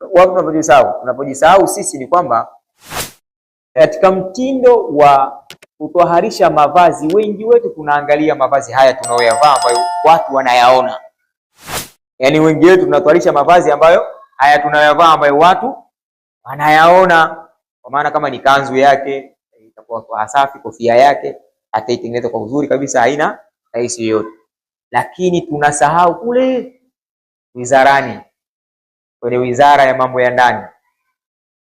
wapi tunapojisahau? Tunapojisahau sisi ni kwamba katika mtindo wa kutoharisha mavazi, wengi wetu tunaangalia mavazi haya tunayoyavaa ambayo watu wanayaona. Yaani wengi wetu tunatoharisha mavazi ambayo haya tunayoyavaa ambayo watu wanayaona, kwa maana kama ni kanzu yake itakuwa safi, kofia yake ataitengeneza kwa uzuri kabisa, haina rahisi yoyote, lakini tunasahau kule wizarani kwenye wizara ya mambo ya ndani.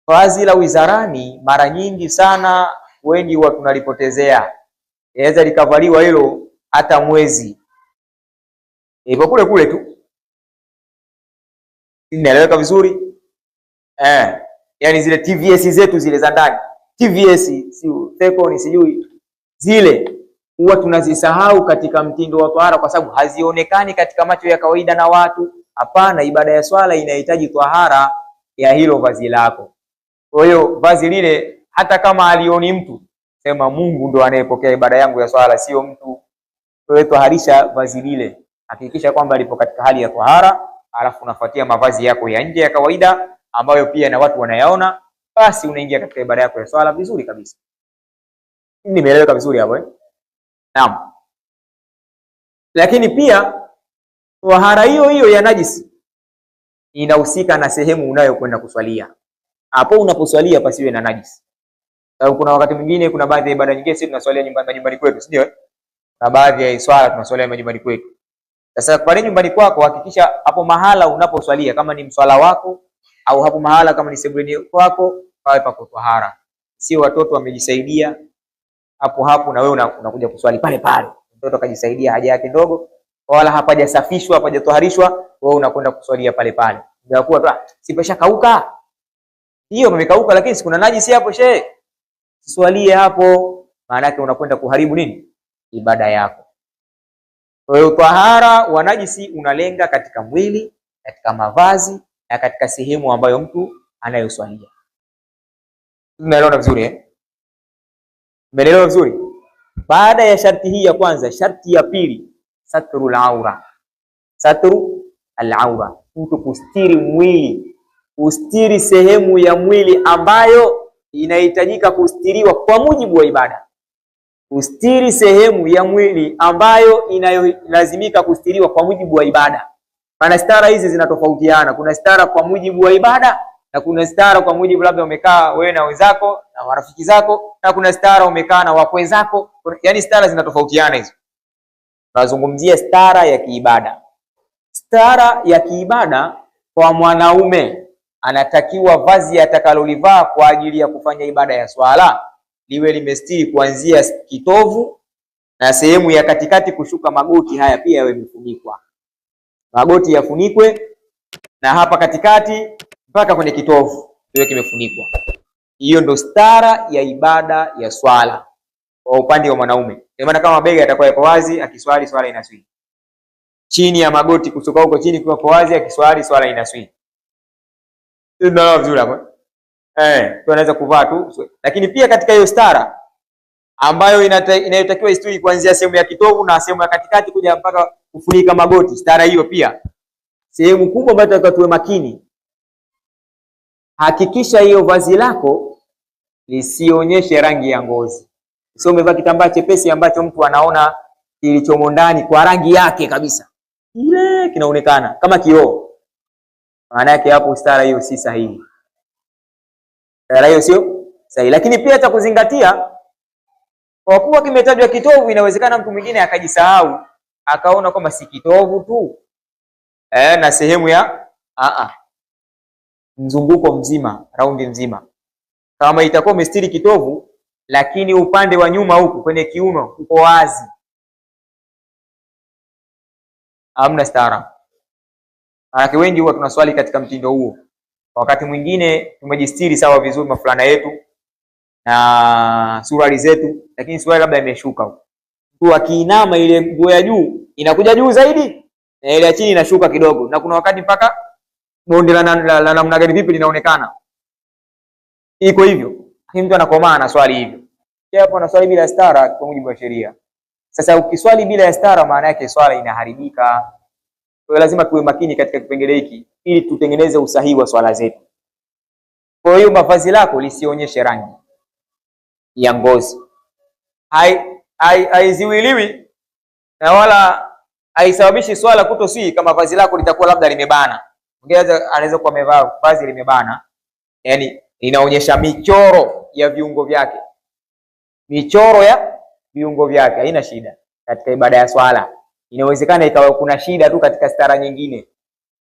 Kazi la wizarani mara nyingi sana wengi huwa tunalipotezea, inaweza likavaliwa hilo hata mwezi ipo kule kule tu, inaeleweka vizuri eh. Yani zile TVS zetu zile za ndani, TVS ni sijui zile huwa tunazisahau katika mtindo wa tohara, kwa sababu hazionekani katika macho ya kawaida na watu Hapana, ibada ya swala inahitaji twahara ya hilo vazi lako. Kwa hiyo vazi lile hata kama alioni mtu, sema Mungu ndo anayepokea ibada yangu ya swala, sio mtu. hiyo twaharisha vazi lile, hakikisha kwamba lipo katika hali ya twahara, alafu unafuatia mavazi yako ya nje ya kawaida ambayo pia na watu wanayaona, basi unaingia katika ibada yako ya swala vizuri kabisa. Nimeeleweka vizuri hapo eh? Naam. Lakini pia tohara hiyo hiyo ya najisi inahusika na sehemu unayokwenda kuswalia. Hapo unaposwalia pasiwe na najisi. Sababu kuna wakati mwingine, kuna baadhi ya ibada nyingine sisi tunaswalia nyumbani nyumbani kwetu, si ndio? Eh? Na baadhi ya swala tunaswalia majumbani kwetu. Sasa pale nyumbani kwako hakikisha hapo mahala unaposwalia kama ni mswala wako au hapo mahala kama ni sebuleni kwako pawe pa tahara. Sio watoto wamejisaidia hapo hapo na wewe unakuja kuswali pale pale. Mtoto akajisaidia haja yake ndogo wala hapajasafishwa hapajatoharishwa, wewe unakwenda kuswalia pale pale, ndio kwa tu sipesha kauka hiyo imekauka, lakini sikuna najisi hapo, shehe siswalie hapo, maana yake unakwenda kuharibu nini ibada yako. Kwa hiyo tahara wa najisi unalenga katika mwili, katika mavazi na katika sehemu ambayo mtu anayoswalia. Unaelewa vizuri eh? Umeelewa vizuri? Baada ya sharti hii ya kwanza, sharti ya pili satrul aura, satru alaura, mtu kustiri mwili, kustiri sehemu ya mwili ambayo inahitajika kustiriwa kwa mujibu wa ibada, kustiri sehemu ya mwili ambayo inayolazimika kustiriwa kwa mujibu wa ibada. Maana stara hizi zinatofautiana, kuna stara kwa mujibu wa ibada na kuna stara kwa mujibu labda umekaa wewe na wenzako na marafiki zako, na kuna stara umekaa na wakwenzako, Yani stara zinatofautiana hizo. Tunazungumzia stara ya kiibada. Stara ya kiibada kwa mwanaume, anatakiwa vazi atakalolivaa kwa ajili ya kufanya ibada ya swala liwe limestiri kuanzia kitovu na sehemu ya katikati kushuka magoti. Haya pia yawe yamefunikwa, magoti yafunikwe na hapa katikati mpaka kwenye kitovu kiwe kimefunikwa. Hiyo ndo stara ya ibada ya swala kwa upande wa mwanaume. Kwa maana kama bega atakuwa yapo wazi, akiswali swala inaswi. Chini ya magoti kusuka huko chini kwa kwa wazi, akiswali swala inaswi. Ndio vizuri hapo. Eh, tunaweza kuvaa tu, lakini pia katika hiyo stara ambayo inayotakiwa istiri kuanzia sehemu ya kitovu na sehemu ya katikati kuja mpaka kufunika magoti. Stara hiyo pia sehemu kubwa ambayo tunataka tuwe makini, hakikisha hiyo vazi lako lisionyeshe rangi ya ngozi. Sio umevaa kitambaa chepesi ambacho mtu anaona kilichomo ndani kwa rangi yake kabisa, ile kinaonekana kama kioo. Maana yake hapo stara hiyo si sahihi, stara hiyo sio sahihi. Lakini pia cha kuzingatia, kwa kuwa kimetajwa kitovu, inawezekana mtu mwingine akajisahau akaona kwamba si kitovu tu e, na sehemu ya a a mzunguko mzima, raundi nzima. Kama itakuwa umestiri kitovu lakini upande wa nyuma huku kwenye kiuno uko wazi, hamna staarabu. Maanake wengi huwa tunaswali katika mtindo huo. Wakati mwingine tumejistiri sawa vizuri, mafulana yetu na suruali zetu, lakini suruali labda imeshuka huko. Mtu akiinama, ile nguo ya juu inakuja juu zaidi na ile ya chini inashuka kidogo, na kuna wakati mpaka bonde la namna gani vipi linaonekana, iko hivyo ni mtu anakomaa na swali hivyo. Je, Hapo na swali bila stara kwa mujibu wa sheria. Sasa ukiswali bila stara, maana yake swala inaharibika. Kwa hiyo lazima tuwe makini katika kipengele hiki ili tutengeneze usahihi wa swala zetu. Kwa hiyo mavazi lako lisionyeshe rangi ya ngozi. Haiziwiliwi hai, na wala haisababishi swala kutosii kama vazi lako litakuwa labda limebana. Anaweza kuwa amevaa vazi limebana, yaani inaonyesha michoro ya viungo vyake, michoro ya viungo vyake. Haina shida katika ibada ya swala. Inawezekana ikawa kuna shida tu katika stara nyingine,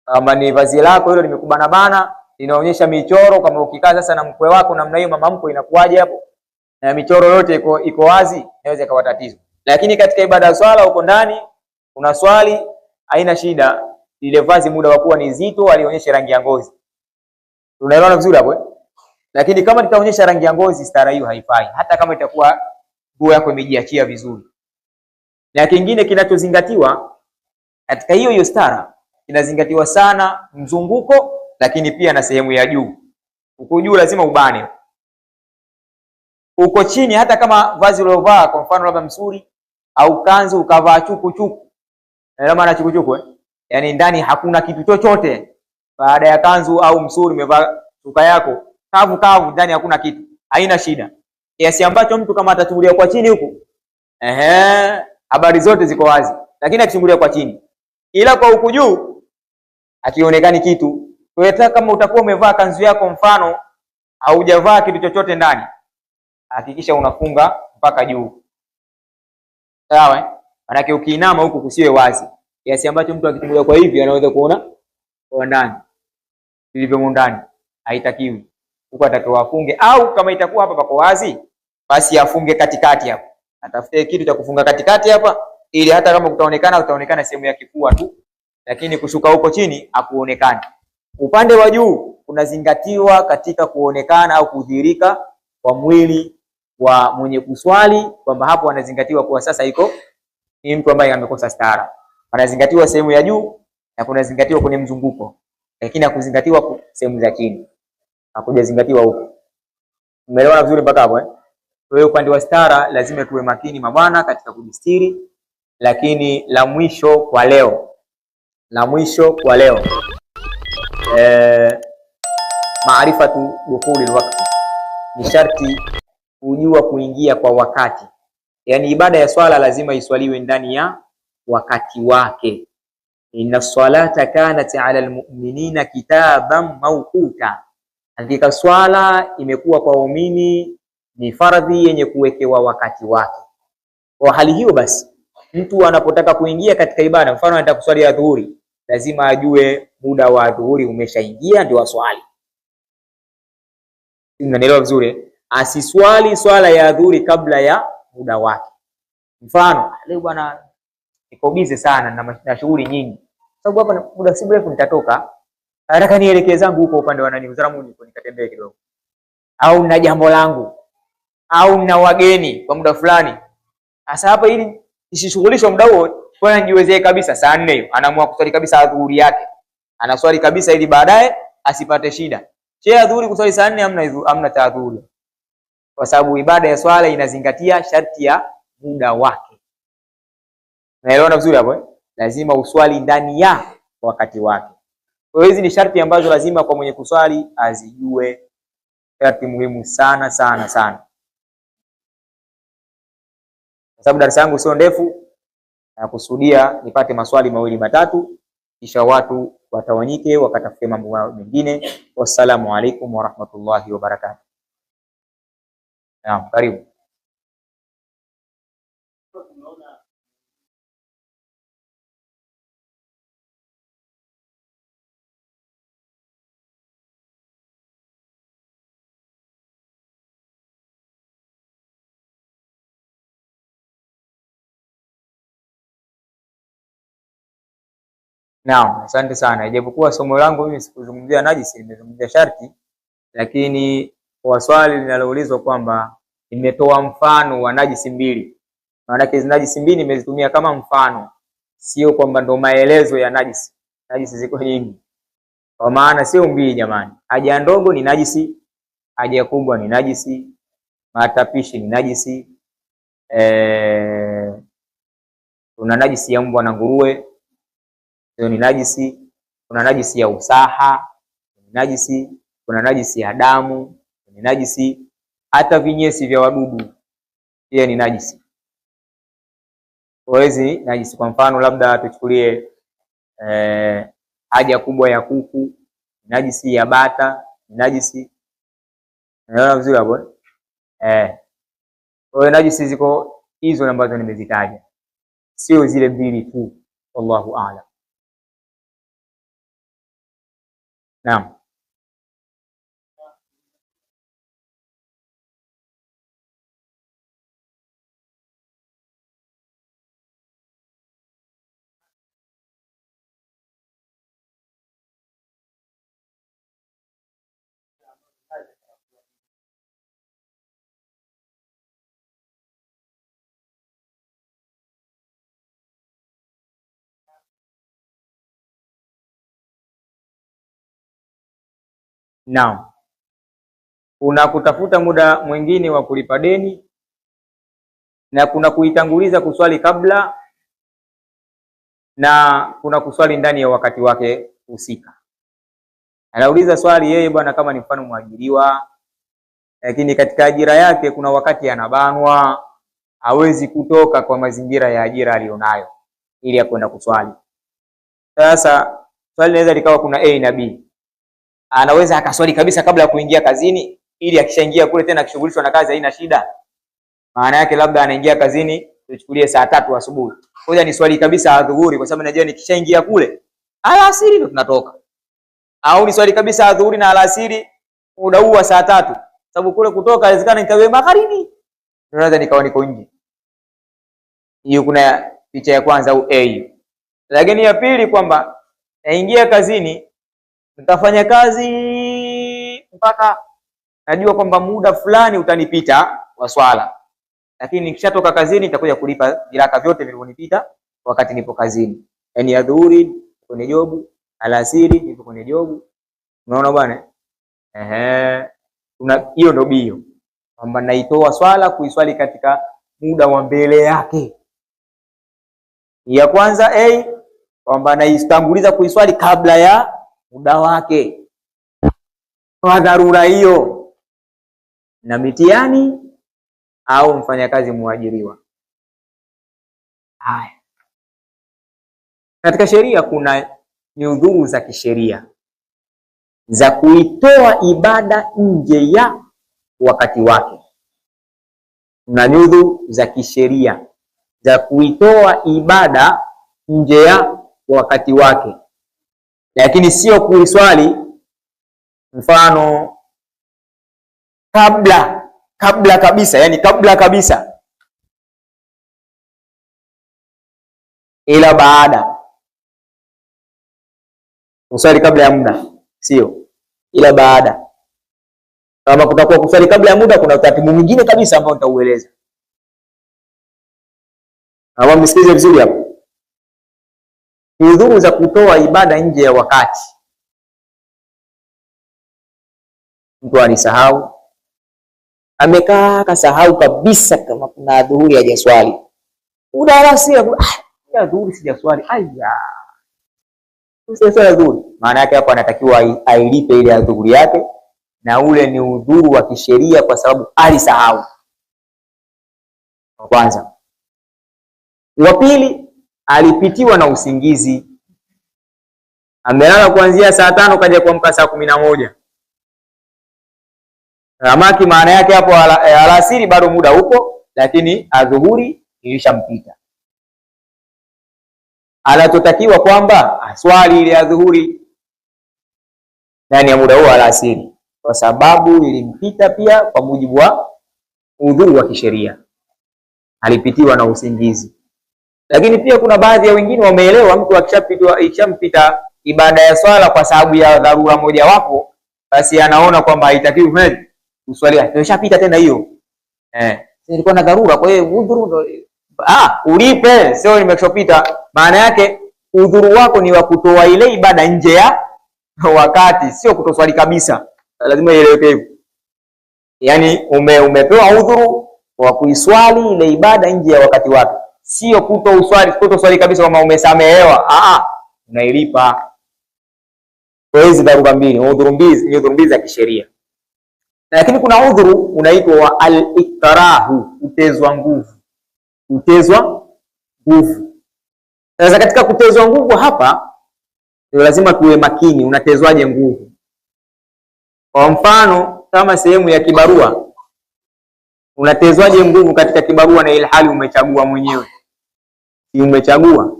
kama ni vazi lako hilo limekubana bana, inaonyesha michoro. Kama ukikaa sasa na mkwe wako namna hiyo, mama mkwe, inakuwaje hapo? Na michoro yote iko iko wazi, inaweza ikawa tatizo. Lakini katika ibada ya swala uko ndani, una swali, haina shida. Ile vazi muda wa kuwa ni zito, alionyesha rangi ya ngozi. Tunaelewana vizuri hapo eh? Lakini kama nitaonyesha rangi ya ngozi, stara hiyo haifai, hata kama itakuwa nguo yako imejiachia vizuri. Na kingine kinachozingatiwa katika hiyo hiyo stara, inazingatiwa sana mzunguko, lakini pia na sehemu ya juu. Huko juu lazima ubane, uko chini, hata kama vazi uliovaa kwa mfano labda msuri au kanzu, ukavaa chuku chuku, na maana chuku chuku eh, yani ndani hakuna kitu chochote, baada ya kanzu au msuri umevaa chuka yako kavu kavu, ndani hakuna kitu, haina shida, kiasi ambacho mtu kama atachungulia kwa chini huku, ehe, habari zote ziko wazi, lakini akichungulia kwa chini, ila kwa huku juu akionekani kitu. Kwa kama utakuwa umevaa kanzu yako, mfano haujavaa kitu chochote ndani, hakikisha unafunga mpaka juu, sawa? Eh? Maanake ukiinama huku kusiwe wazi kiasi ambacho mtu akichungulia kwa hivi anaweza kuona kwa ndani vilivyomo ndani, haitakiwi huko atakiwa afunge, au kama itakuwa hapa pako wazi, basi afunge katikati hapa, atafute kitu cha kufunga katikati hapa, ili hata kama kutaonekana, utaonekana sehemu ya kifua tu, lakini kushuka huko chini hakuonekani. Upande wa juu unazingatiwa katika kuonekana au kudhihirika kwa mwili wa mwenye kuswali, kwamba hapo anazingatiwa kuwa sasa iko ni mtu ambaye amekosa stara, anazingatiwa sehemu ya juu na kunazingatiwa kwenye mzunguko, lakini hakuzingatiwa sehemu za chini hakujazingatiwa huko. Umeelewana vizuri mpaka hapo eh? Kwa hiyo upande wa stara lazima tuwe makini mabwana katika kujistiri. Lakini la mwisho kwa leo, la mwisho kwa leo e, maarifatu dukhuli wakati ni sharti kujua kuingia kwa wakati, yaani ibada ya swala lazima iswaliwe ndani ya wakati wake. inna salata kanat ala almu'minina kitaban mawquta Hakika swala imekuwa kwa waumini ni faradhi yenye kuwekewa wakati wake. Kwa hali hiyo basi, mtu anapotaka kuingia katika ibada, mfano anataka kuswali adhuhuri, lazima ajue muda wa adhuhuri umeshaingia, ndio aswali. Unanielewa vizuri? Asiswali swala ya adhuhuri kabla ya muda wake. Mfano leo bwana, niko sana na, na shughuli nyingi, sababu hapa muda si mrefu nitatoka nataka nielekee zangu huko upande wa nani, Uzaramuni niko nikatembee kidogo, au na jambo langu, au na wageni kwa muda fulani. Sasa hapa ili isishughulishwe muda huo, kwa nijiwezee kabisa, saa nne hiyo anaamua kuswali kabisa adhuhuri yake, anaswali kabisa ili baadaye asipate shida. Je, adhuhuri kuswali saa nne amna amna taadhuri? kwa sababu ibada ya swala inazingatia sharti ya muda wake. Naelewana vizuri hapo eh? Lazima uswali ndani ya wakati wake. Kwa hiyo hizi ni sharti ambazo lazima kwa mwenye kuswali azijue, sharti muhimu sana sana sana, kwa sababu darasa yangu sio ndefu, nakusudia nipate maswali mawili matatu, kisha watu watawanyike wakatafute mambo yao mengine. Wassalamu alaikum warahmatullahi wabarakatuh. Naam, karibu. Naam, asante sana. Ijapokuwa somo langu mimi sikuzungumzia najisi, nimezungumzia sharti, lakini kwa swali linaloulizwa kwamba nimetoa mfano wa najisi mbili, maana hizi najisi mbili nimezitumia kama mfano, sio kwamba ndo maelezo ya najisi. Najisi ziko nyingi, kwa maana sio mbili jamani. Haja ndogo ni najisi, haja kubwa ni najisi, matapishi ni najisi, eh, kuna e, najisi ya mbwa na nguruwe hiyo ni najisi. Kuna najisi ya usaha, ni najisi, kuna najisi ya damu, ni najisi, hata vinyesi vya wadudu pia ni najisi. hizi najisi, kwa mfano labda tuchukulie eh, haja kubwa ya kuku najisi, ya bata najisi. Unaona vizuri hapo eh? Kwa hiyo najisi ziko hizo ambazo nimezitaja, sio zile mbili tu. Wallahu a'lam. Now, Naam, kuna kutafuta muda mwingine wa kulipa deni na kuna kuitanguliza kuswali kabla na kuna kuswali ndani ya wakati wake husika. Anauliza swali yeye, bwana, kama ni mfano mwajiriwa, lakini katika ajira yake kuna wakati anabanwa, hawezi kutoka kwa mazingira ya ajira aliyonayo ili akwenda kuswali. Sasa swali linaweza likawa kuna A na B anaweza akaswali kabisa kabla ya kuingia kazini, ili akishaingia kule tena akishughulishwa na kazi haina shida. Maana yake labda anaingia kazini, tuchukulie saa tatu asubuhi, ngoja ni swali kabisa adhuhuri, kwa sababu najua nikishaingia kule alasiri ndo tunatoka, au ni swali kabisa adhuhuri na alasiri muda huu wa saa tatu, sababu kule kutoka inawezekana nikawe magharibi, naweza nikawa niko nje. Hiyo kuna picha ya kwanza au a. Lakini ya pili kwamba naingia kazini Nitafanya kazi mpaka najua kwamba muda fulani utanipita wa swala, lakini nikishatoka kazini nitakuja kulipa viraka vyote vilivyonipita wakati nipo kazini, yaani adhuhuri kwenye jobu, alasiri nipo kwenye jobu. Unaona bwana, ehe, tuna hiyo ndio bio kwamba naitoa swala kuiswali katika muda wa mbele yake. Ya kwanza a kwamba naitanguliza kuiswali kabla ya muda wake kwa dharura hiyo, na mitihani au mfanyakazi mwajiriwa. Haya, katika sheria kuna niudhuru za kisheria za kuitoa ibada nje ya wakati wake. Kuna nyudhu za kisheria za kuitoa ibada nje ya wakati wake lakini sio kuiswali mfano kabla kabla kabisa, yani kabla kabisa, ila baada kuswali kabla ya muda sio, ila baada. Kama kutakuwa kuswali kabla ya muda, kuna utaratibu mwingine kabisa ambao nitaueleza. ama msikize vizuri hapo udhuru za kutoa ibada nje ya wakati, mtu alisahau, amekaa kasahau kabisa kama kuna dhuhuri hajaswali, udawasiadhuhuri ah, sijaswali, aya dhuhuri. Maana yake hapo anatakiwa ailipe ile ya dhuhuri yake, na ule ni udhuru wa kisheria kwa sababu alisahau. kwanza, wa pili alipitiwa na usingizi, amelala kuanzia saa tano kaja kuamka saa kumi na moja. Ramaki maana yake hapo eh, alasiri bado muda upo, lakini adhuhuri ilishampita. Anachotakiwa kwamba aswali ile adhuhuri ndani ya muda huo alasiri, kwa sababu ilimpita pia, kwa mujibu wa udhuru wa kisheria, alipitiwa na usingizi. Lakini pia kuna baadhi ya wengine wameelewa mtu akishapitwa akishampita ibada ya swala kwa sababu ya dharura moja wapo, basi anaona kwamba haitakiwi kufanya kuswali, ameshapita tena hiyo eh, ilikuwa na dharura, kwa hiyo udhuru ah, ulipe, sio nimeshapita. Maana yake udhuru wako ni wa kutoa ile ibada nje ya wakati, sio kutoswali kabisa. Lazima ieleweke hivyo, yaani ume, umepewa udhuru wa kuiswali ile ibada nje ya wakati wake sio kuto uswali kuto uswali kabisa kama umesamehewa, ah, unailipa. Kwa hizi dharura mbili, udhuru mbili ni udhuru mbili za kisheria, lakini kuna udhuru unaitwa wa al-iktirahu, kutezwa nguvu. Kutezwa nguvu. Sasa katika kutezwa nguvu hapa ndio lazima tuwe makini, unatezwaje nguvu? Kwa mfano kama sehemu ya kibarua, unatezwaje nguvu katika kibarua na ilhali umechagua mwenyewe? si umechagua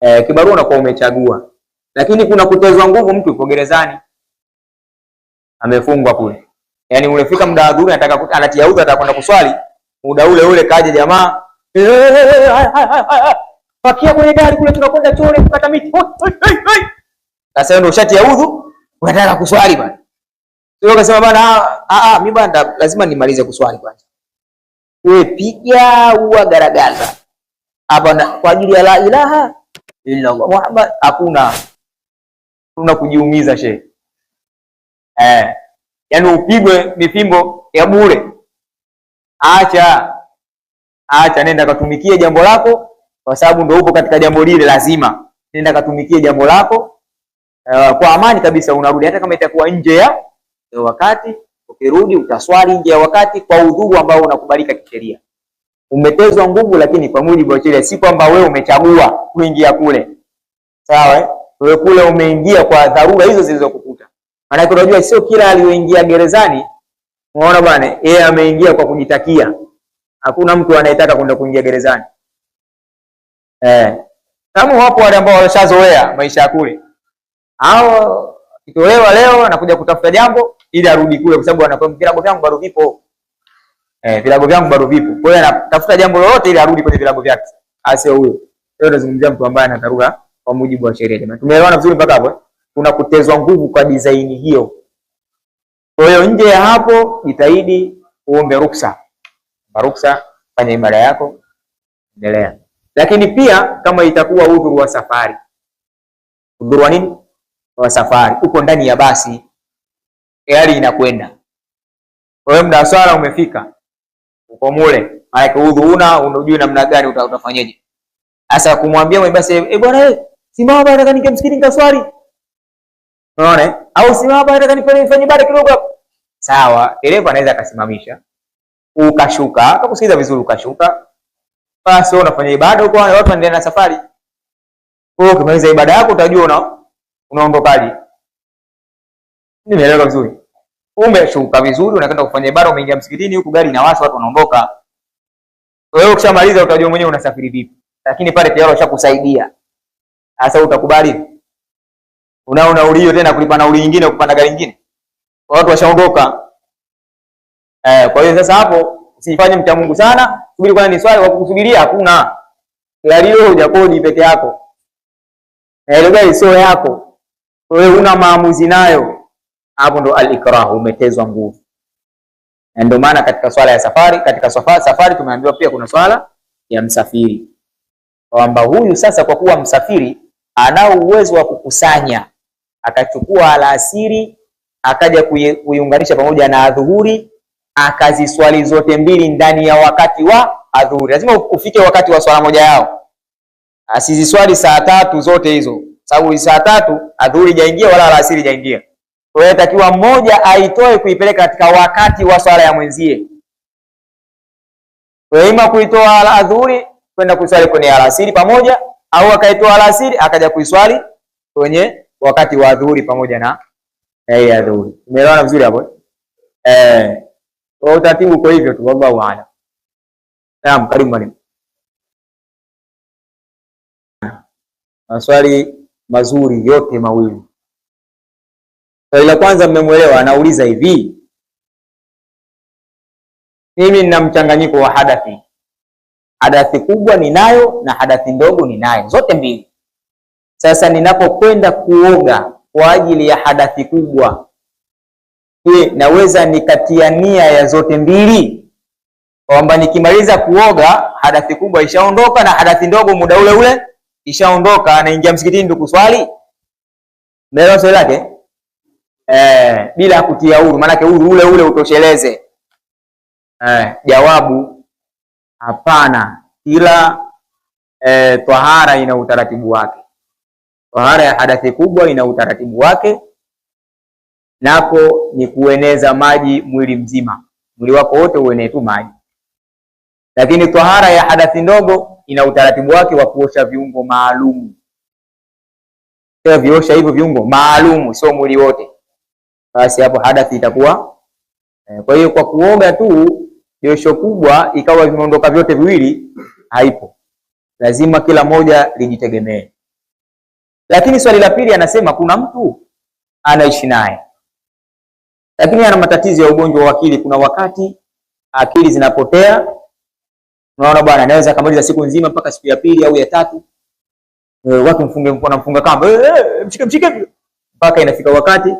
e, kibarua unakuwa umechagua, lakini kuna kutozwa nguvu. Mtu yuko gerezani amefungwa kule, yaani ulefika muda wa dhuhuri, anataka anatia udhu, atakwenda kuswali, muda ule ule kaje jamaa, eh, eh, pakia kwenye gari kule, tunakwenda chole kukata miti. Sasa ndio ushatia udhu, unataka kuswali bwana. Sio kasema bwana, a ah, a ah, ah, mimi bwana lazima nimalize kuswali kwanza. Wewe piga uwa garagaza hapa kwa ajili ya la ilaha illa Allah Muhammad, hakuna tuna kujiumiza shehe eh, yani upigwe mifimbo ya bure. Acha acha, nenda katumikie jambo lako, kwa sababu ndio upo katika jambo lile, lazima nenda katumikie jambo lako eh, kwa amani kabisa. Unarudi hata kama itakuwa nje ya wakati, ukirudi utaswali nje ya wakati kwa udhuru ambao unakubalika kisheria umetezwa nguvu, lakini kwa mujibu wa sheria, si kwamba wewe umechagua kuingia kule. Sawa, eh? wewe kule umeingia kwa dharura hizo zilizokukuta. Maana unajua sio kila aliyoingia gerezani, unaona bwana, yeye ameingia kwa kujitakia. Hakuna mtu anayetaka kwenda kuingia gerezani eh. Kama wapo wale ambao walishazoea maisha ya kule, hao kitolewa leo anakuja kutafuta jambo ili arudi kule, kwa sababu anakwambia virago vyangu bado vipo eh, vilabu vyangu bado vipo. Kwa hiyo anatafuta jambo lolote ili arudi kwenye vilabu vyake, asio ah, huyo. Leo nazungumzia mtu ambaye ana dharura kwa mujibu wa sheria. Jamani, tumeelewana vizuri mpaka hapo? Kuna eh? kutezwa nguvu kwa design hiyo. Kwa hiyo nje ya hapo, jitahidi uombe ruksa, ruksa, fanya ibada yako, endelea. Lakini pia kama itakuwa udhuru wa safari, udhuru wa nini? Wa safari, uko ndani ya basi, gari inakwenda. Kwa hiyo mda swala umefika, uko mule, maana udhu una unajui namna gani utafanyaje? Sasa kumwambia mwe basi, eh bwana, eh simama bwana, nataka nikamsikiti nikaswali, unaona, eh? au simama bwana, nataka nifanye fanye ibada kidogo hapo. Sawa, dereva anaweza akasimamisha, ukashuka, akakusikiza vizuri, ukashuka, basi wewe unafanya ibada huko, watu wanaendelea na safari. Wewe ukimaliza ibada yako utajua una unaondokaje. Nimeeleweka vizuri? umeshuka vizuri, unakwenda kufanya ibada, umeingia msikitini, huku gari inawasha, watu wanaondoka. Wewe ukishamaliza utajua mwenyewe unasafiri vipi, lakini pale tayari washakusaidia. Sasa utakubali? Unao nauli hiyo tena kulipa nauli nyingine, kupanda gari nyingine, watu washaondoka. Eh, kwa hiyo sasa hapo usifanye mcha Mungu sana, subiri kwanza, ni swali wa kukusubiria hakuna. Gari hiyo hujakodi peke yako, na ile gari sio yako wewe, una maamuzi nayo hapo ndo al-ikrah, umetezwa nguvu. Na ndio maana katika swala ya safari, katika safari, safari tumeambiwa pia kuna swala ya msafiri, kwamba huyu sasa kwa kuwa msafiri anao uwezo wa kukusanya, akachukua alasiri akaja kuiunganisha pamoja na adhuhuri, akaziswali zote mbili ndani ya wakati wa adhuhuri. Lazima ufike wakati wa swala moja yao, asiziswali saa tatu zote hizo, sababu saa tatu adhuhuri jaingia wala alasiri jaingia kwa hiyo takiwa mmoja aitoe kuipeleka katika wakati wa swala ya mwenzie, kwa ima kuitoa adhuhuri kwenda kuiswali kwenye alasiri pamoja, au akaitoa alasiri akaja kuiswali kwenye wakati wa dhuhuri pamoja na eh, adhuhuri. Umeelewana vizuri hapo eh? eh. Kwa utaratibu uko hivyo tu, wallahu aalam. Naam, karibu mwalimu. Maswali mazuri yote mawili. Swali la kwanza mmemwelewa, anauliza hivi, mimi nina mchanganyiko wa hadathi. Hadathi kubwa ninayo na hadathi ndogo ninayo, zote mbili. Sasa ninapokwenda kuoga kwa ajili ya hadathi kubwa, je, naweza nikatia nia ya zote mbili, kwamba nikimaliza kuoga hadathi kubwa ishaondoka na hadathi ndogo muda ule ule ishaondoka, naingia msikitini ndio kuswali? Umeelewa swali lake? eh, bila kutia uru, maanake uru ule ule utosheleze. Eh, jawabu hapana. Kila eh, twahara ina utaratibu wake. Twahara ya hadathi kubwa ina utaratibu wake, napo ni kueneza maji mwili mzima, mwili wako wote uenee tu maji. Lakini twahara ya hadathi ndogo ina utaratibu wake wa kuosha viungo maalumu, viosha hivyo viungo maalumu, sio mwili wote basi hapo hadathi itakuwa e. Kwa hiyo kwa kuoga tu josho kubwa ikawa vimeondoka vyote viwili, haipo. Lazima kila moja lijitegemee. Lakini swali la pili, anasema kuna mtu anaishi naye, lakini ana matatizo ya ugonjwa wa akili. Kuna wakati akili zinapotea, unaona bwana, anaweza akamaliza siku nzima mpaka siku ya pili au ya tatu, eh, watu mfunge, wanamfunga kamba, eh, mshike mshike, mpaka inafika wakati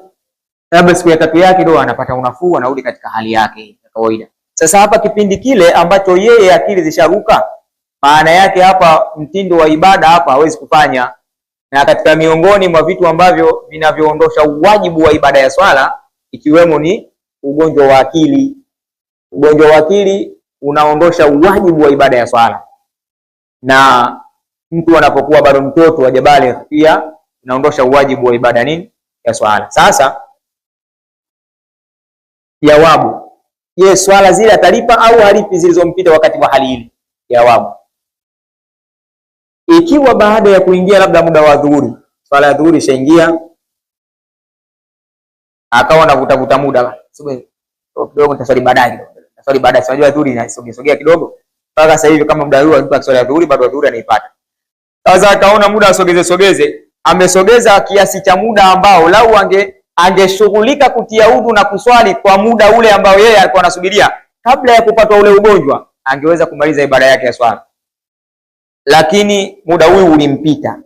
labda siku ya tatu yake ndio anapata unafuu, anarudi katika hali yake ya kawaida. Sasa hapa kipindi kile ambacho yeye akili zisharuka, maana yake hapa mtindo wa ibada hapa hawezi kufanya. Na katika miongoni mwa vitu ambavyo vinavyoondosha uwajibu wa ibada ya swala ikiwemo ni ugonjwa wa akili. Ugonjwa wa akili unaondosha uwajibu wa ibada ya swala, na mtu anapokuwa bado mtoto jabali pia inaondosha uwajibu wa ibada nini ya swala. Sasa jawabu. Je, swala zile atalipa au halipi zilizompita wakati wa hali ile? Jawabu. Ikiwa baada ya kuingia labda muda wa dhuhuri, swala ya dhuhuri ishaingia, akawa anavuta vuta muda kidogo, nitaswali baadaye, nitaswali baadaye. Unajua dhuhuri inasogea sogea kidogo mpaka sasa hivi, kama muda huu alikuwa akiswali ya dhuhuri, bado dhuhuri anaipata. Sasa akaona muda asogeze sogeze, amesogeza kiasi cha muda ambao lau ange angeshughulika kutia udhu na kuswali kwa muda ule ambao yeye alikuwa anasubiria kabla ya kupatwa ule ugonjwa, angeweza kumaliza ibada yake ya swala, lakini muda huyu ulimpita,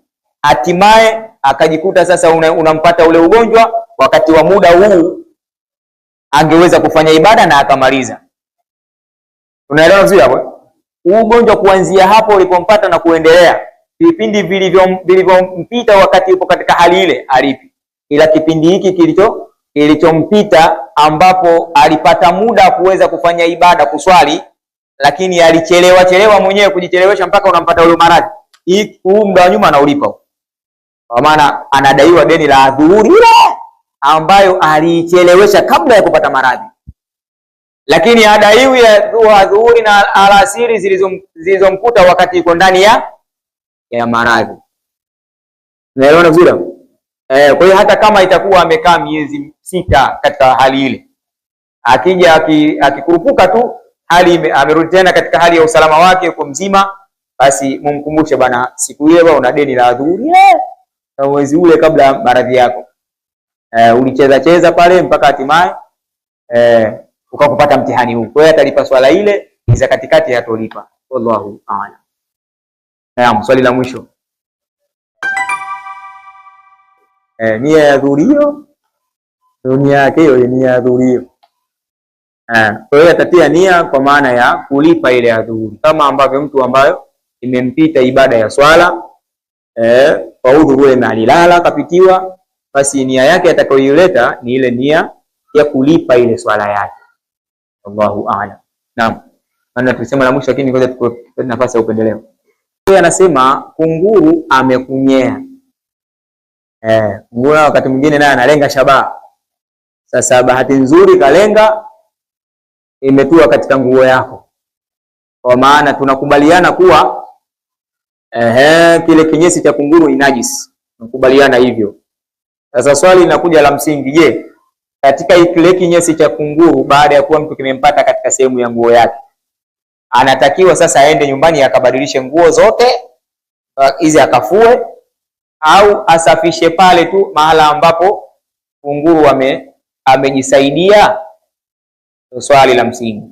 hatimaye akajikuta sasa una, unampata ule ugonjwa wakati wa muda huu angeweza kufanya ibada na akamaliza. Unaelewa vizuri hapo? Eh? Ugonjwa kuanzia hapo ulipompata na kuendelea, vipindi vilivyompita wakati upo katika hali ile alipi ila kipindi hiki kilicho kilichompita ambapo alipata muda wa kuweza kufanya ibada kuswali, lakini alichelewa chelewa mwenyewe kujichelewesha mpaka unampata ule maradhi. Huu muda wa nyuma anaulipa, kwa maana anadaiwa deni la dhuhuri ile ambayo aliichelewesha kabla ya kupata maradhi, lakini adaiwi ya dhuhuri na alasiri zilizomkuta wakati iko ndani ya ya maradhi. Naelewana vizuri? Eh, kwa hiyo hata kama itakuwa amekaa miezi sita katika hali ile, akija akikurupuka tu hali amerudi tena katika hali ya usalama wake, uko mzima, basi mumkumbushe, bana, siku ile una deni la adhuhuri eh, na mwezi ule kabla maradhi yako eh, ulicheza cheza pale mpaka hatimaye eh, ukakupata mtihani huu. Kwa hiyo atalipa swala ile, ni za katikati hatolipa. Wallahu a'lam. Naam, swali la mwisho. eh, nia ya dunia yake hiyo nia ya dhurio eh, kwa hiyo atatia nia kwa maana ya kulipa ile adhuri kama ambavyo mtu ambayo imempita ibada ya swala eh, kwa udhu ule na alilala kapitiwa, basi nia yake atakayoileta ni ile nia ya kulipa ile swala yake. Allahu a'lam. Naam, maana tulisema la mwisho, lakini ngoja tukupe nafasi ya upendeleo. Anasema kunguru amekunyea Eh, mbona wakati mwingine naye analenga shabaha. Sasa bahati nzuri kalenga imetua katika nguo yako, kwa maana tunakubaliana kuwa ehe, kile kinyesi cha kunguru ni najis, tunakubaliana hivyo. Sasa swali linakuja la msingi, je, katika kile kinyesi cha kunguru baada ya kuwa mtu kimempata katika sehemu ya nguo yake, anatakiwa sasa aende nyumbani akabadilishe nguo zote uh, hizi akafue au asafishe pale tu mahala ambapo kunguru ame, amejisaidia. Swali la msingi,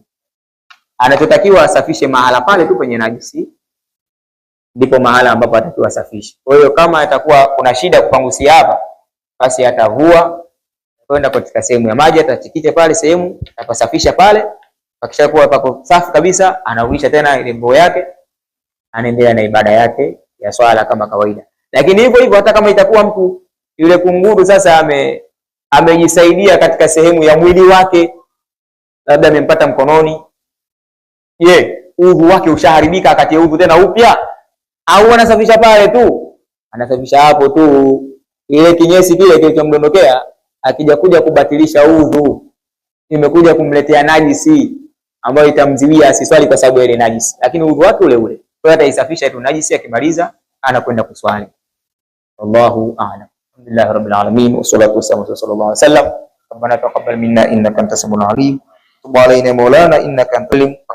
anachotakiwa asafishe mahala pale tu penye najisi, ndipo mahala ambapo atakiwa asafishe. Kwa hiyo kama atakuwa kuna shida kupangusia hapa, basi atavua kwenda katika sehemu ya maji, atachikite pale sehemu, atapasafisha pale. kuwa pako safi kabisa, anarudisha tena ile nguo yake, anaendelea na ibada yake ya swala kama kawaida. Lakini hivyo hivyo hata kama itakuwa mtu yule kunguru sasa ame amejisaidia katika sehemu ya mwili wake, labda amempata mkononi, je, udhu wake ushaharibika akati udhu tena upya, au anasafisha pale tu? Anasafisha hapo tu, ile kinyesi kile kilichomdondokea akija kuja kubatilisha udhu, imekuja kumletea najisi ambayo itamziwia asiswali kwa sababu ya ile najisi, lakini udhu wake ule ule, kwa hiyo ataisafisha tu najisi, akimaliza anakwenda kuswali. والله اعلم الحمد لله رب العالمين والصلاه والسلام على رسول الله صلى الله عليه وسلم ربنا تقبل منا انك انت السميع العليم تب علينا مولانا انك انت العليم